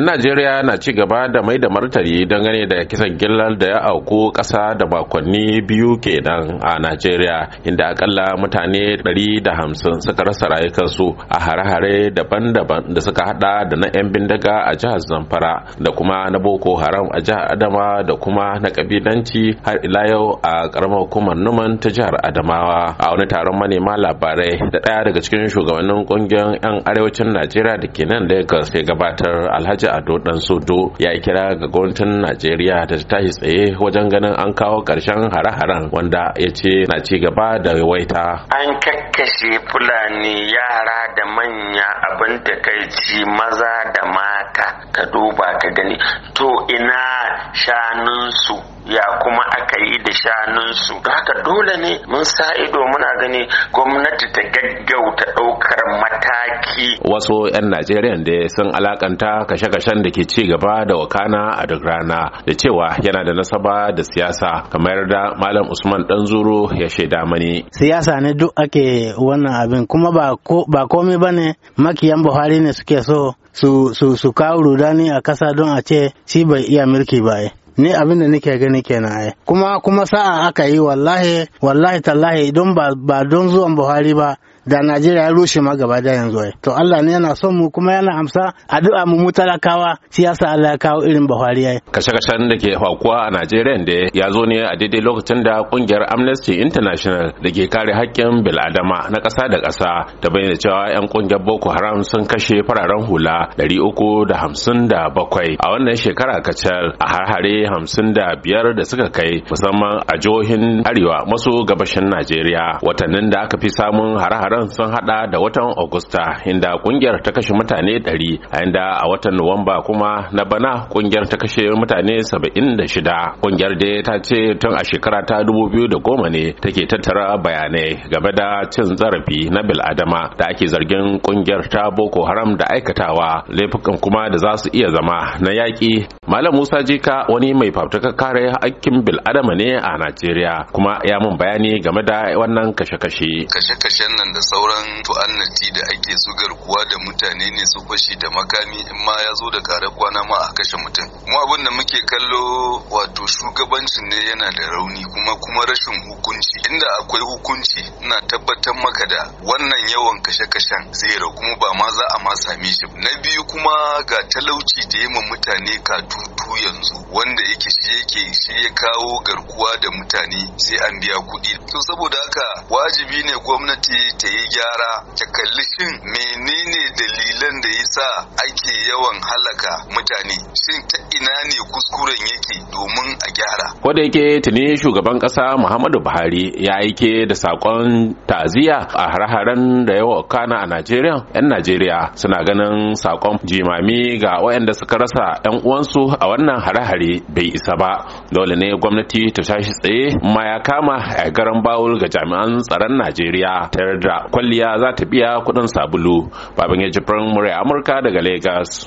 Najeriya na ci gaba da mai da martani dangane da kisan gillar da ya auku ƙasa da makonni biyu kenan a Najeriya inda akalla mutane 150 suka rasa rayukansu a hare-hare daban-daban da suka hada da na 'yan bindiga a jihar Zamfara da kuma na Boko Haram a jihar Adama da kuma na kabilanci har ila yau a karamar hukumar Numan ta jihar Adamawa a wani taron manema labarai da ɗaya daga cikin shugabannin ƙungiyar 'yan arewacin Najeriya da ke nan Lagos ya gabatar Alhaji ado dan sodo ya kira ga gwamnatin najeriya da ta tashi tsaye wajen ganin an kawo karshen hare-haren wanda ya ce na ci gaba da waita an kakkashe fulani yara da manya abin da kai ci maza da mata ka duba ka gani to ina shanun su ya kuma aka yi da shanunsu haka dole ne mun sa ido muna gani gwamnati ta gaggauta ɗaukar mataki wasu 'yan najeriya da sun alakanta kashe-kashen da ke ci gaba da wakana a duk rana da cewa yana da nasaba da siyasa kamar da malam usman Ɗanzuru ya shaida mani siyasa ne duk ake wannan abin kuma ba komai ba ne makiyan buhari ne suke so su su kawo rudani a kasa don a ce shi bai iya mulki ba eh. ni abin da nake gani kenan ai kuma kuma sa'a aka yi wallahi wallahi tallahi don ba don zuwan Buhari ba da Najeriya ya rushe ma gaba da yanzu to Allah ne yana son mu kuma yana amsa addu'a mu mutalakawa siyasa Allah ya kawo irin Buhari yayi kashe-kashen da ke hakuwa a Najeriya da ya zo ne a daidai lokacin da kungiyar Amnesty International da ke kare haƙƙin bil'adama na ƙasa da ƙasa ta bayyana cewa 'yan kungiyar Boko Haram sun kashe fararen hula 357 a wannan shekara kacal a harhare 55 da suka kai musamman a jihohin arewa maso gabashin Najeriya watannin da aka fi samun harhare. taron sun hada da watan Agusta inda kungiyar ta kashe mutane 100 a inda a watan Nuwamba kuma na bana kungiyar ta kashe mutane 76. Kungiyar dai ta ce tun a shekara ta 2010 ne take tattara bayanai game da cin zarafi na bil adama, da ake zargin kungiyar ta Boko Haram da aikatawa laifukan kuma da za su iya zama na yaƙi. Malam Musa Jika wani mai fafutukar kare hakkin adama ne a Najeriya kuma ya mun bayani game da wannan kashe-kashe. Kashe-kashen nan da sauran tu'annati da ake su garkuwa da mutane ne su fashi da makami in ma ya zo da kare kwana ma a kashe mutum mu abin da muke kallo wato shugabancin ne yana da rauni kuma kuma rashin hukunci inda akwai hukunci ina tabbatar maka da wannan yawan kashe-kashen zai ra kuma ba ma za a ma same shi na biyu kuma ga talauci da yamma mutane ka tutu yanzu wanda yake shi yake shi ya kawo garkuwa da mutane sai an biya kuɗi to saboda haka wajibi ne gwamnati ta ya gyara ta kalli shin menene dalilan da ya sa ake yawan halaka mutane shin ta ina ne kuskuren yake domin a gyara da yake tuni shugaban kasa muhammadu buhari ya aike da sakon taziya a har-haren da yawa kana a najeriya yan najeriya suna ganin sakon jimami ga waɗanda suka rasa yan uwansu a wannan harahare bai isa ba dole ne gwamnati ta tashi tsaye ma ya kama a garan bawul ga jami'an tsaron najeriya tare da kwalliya za ta biya kuɗin sabulu babin ya jibrin murya amurka daga Legas.